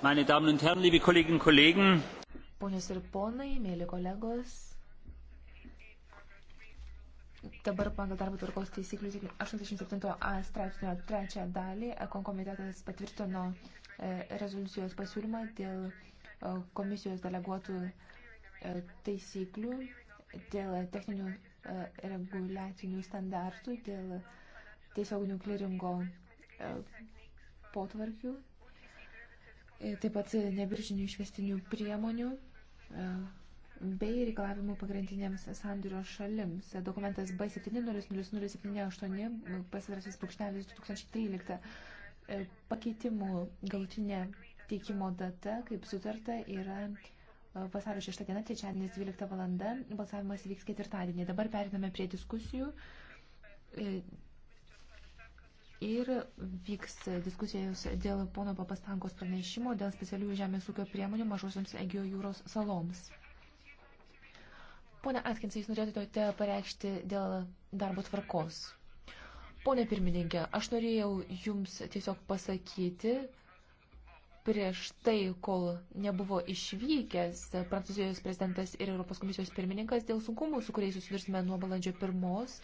Meine Damen und Herren, liebe Kolleginnen und Kollegen. Ponios ir ponai, mėly kolegos. Dabar pagal darbo tvarkos taisyklių 87a straipsnio trečią dalį konkomitetas patvirtino e, rezoliucijos pasiūlymą dėl e, komisijos deleguotų e, taisyklių, dėl techninių reguliacinių standartų, dėl tiesioginių kliringo potvarkių E, taip pat nebiržinių išvestinių priemonių e, bei reikalavimų pagrindinėms sandirio šalims. Dokumentas B700078 pasvirasis brūkšnelis 2013 e, pakeitimų galutinė teikimo data, kaip sutarta, yra vasario 6 diena, trečiadienis 12 valanda, balsavimas vyks ketvirtadienį. Dabar periname prie diskusijų. Ir vyks diskusijos dėl pono Papastankos pranešimo dėl specialiųjų žemės ūkio priemonių mažosiams Egio jūros saloms. Pone Atkinsai, jūs norėtumėte pareikšti dėl darbo tvarkos. Pone pirmininkė, aš norėjau jums tiesiog pasakyti, prieš tai, kol nebuvo išvykęs Prancūzijos prezidentas ir Europos komisijos pirmininkas dėl sunkumų, su kuriais susidursime nuo balandžio pirmos,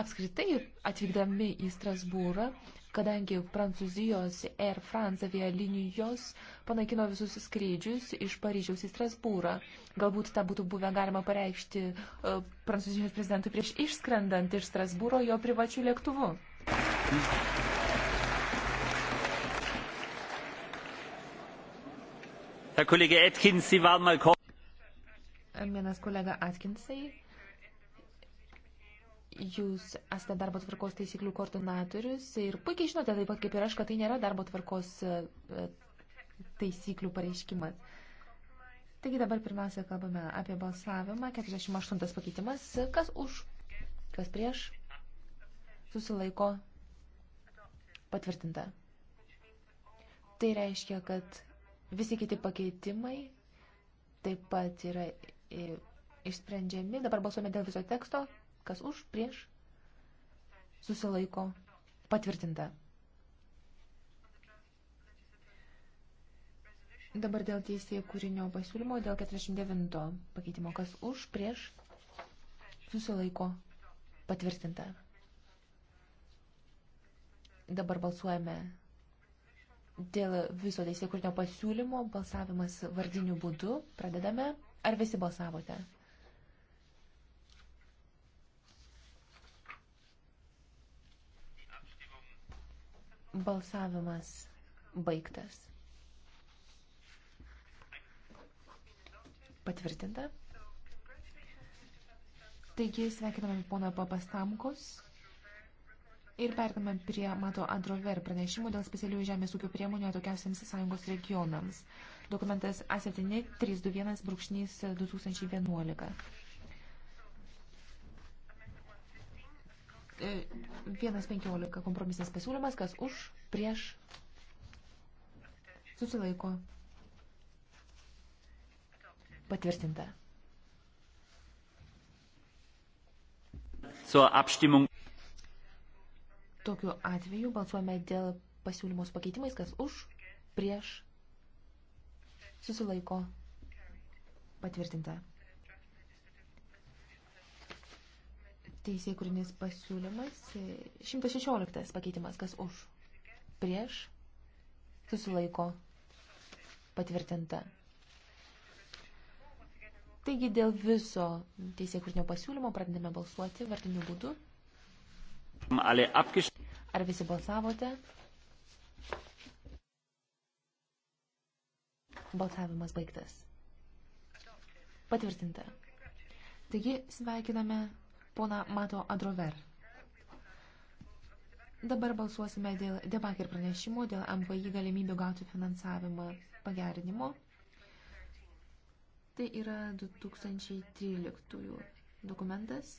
apskritai atvykdami į Strasbūrą, kadangi Prancūzijos Air France avialinijos panaikino visus skrydžius iš Paryžiaus į Strasbūrą. Galbūt tą būtų buvę galima pareikšti e, Prancūzijos prezidentui prieš išskrendant iš Strasbūro jo privačių lėktuvų. Vienas kolega Atkinsai, jūs esate darbo tvarkos taisyklių koordinatorius ir puikiai žinote taip pat kaip ir aš, kad tai nėra darbo tvarkos e, e, taisyklių pareiškimas. Taigi dabar pirmiausia kalbame apie balsavimą. 48 pakeitimas. Kas už? Kas prieš? Susilaiko. Patvirtinta. Tai reiškia, kad Visi kiti pakeitimai taip pat yra išsprendžiami. Dabar balsuojame dėl viso teksto, kas už, prieš, susilaiko, patvirtinta. Dabar dėl teisėjų kūrinio pasiūlymo, dėl 49 pakeitimo, kas už, prieš, susilaiko, patvirtinta. Dabar balsuojame Dėl viso teisėkurnio pasiūlymo balsavimas vardiniu būdu. Pradedame. Ar visi balsavote? Balsavimas baigtas. Patvirtinta. Taigi sveikiname poną Papastamkos. Ir perdame prie Mato Androver pranešimų dėl specialiųjų žemės ūkio priemonių atokiausiams sąjungos regionams. Dokumentas A7 321 brūkšnys 2011. E, vienas penkiolika kompromisas pasiūlymas, kas už, prieš, susilaiko, patvirtinta. Zur Abstimmung Tokiu atveju balsuojame dėl pasiūlymus pakeitimais, kas už, prieš, susilaiko, patvirtinta. Teisėjai kūrinis pasiūlymas, 116 e, pakeitimas, kas už, prieš, susilaiko, patvirtinta. Taigi dėl viso teisėjai kūrinio pasiūlymo pradedame balsuoti vartiniu būdu. Alle abgesch Ar visi balsavote? Balsavimas baigtas. Patvirtinta. Taigi sveikiname pona Mato Adrover. Dabar balsuosime dėl debakir pranešimo, dėl MVI galimybių gauti finansavimą pagerinimo. Tai yra 2013 dokumentas.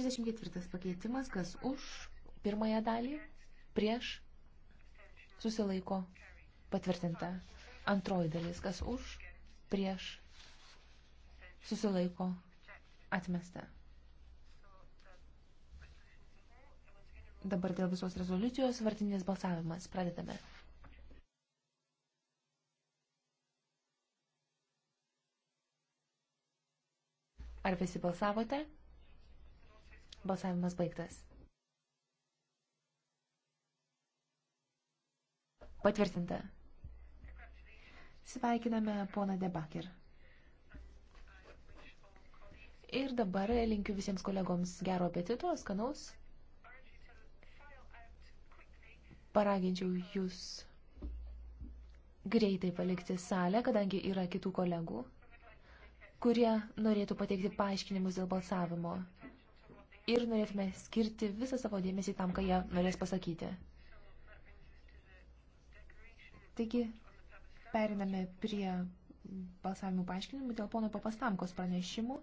34 pakeitimas, kas už pirmąją dalį, prieš, susilaiko, patvirtinta. Antroji dalis, kas už, prieš, susilaiko, atmesta. Dabar dėl visos rezoliucijos vartinės balsavimas. Pradedame. Ar visi balsavote? Balsavimas baigtas. Patvirtinta. Sveikiname poną Debaker. Ir dabar linkiu visiems kolegoms gero apetito, skanaus. Paraginčiau jūs greitai palikti salę, kadangi yra kitų kolegų, kurie norėtų pateikti paaiškinimus dėl balsavimo. Ir norėtume skirti visą savo dėmesį tam, ką jie norės pasakyti. Taigi, periname prie balsavimų paaiškinimų dėl pono Papastamkos pranešimų.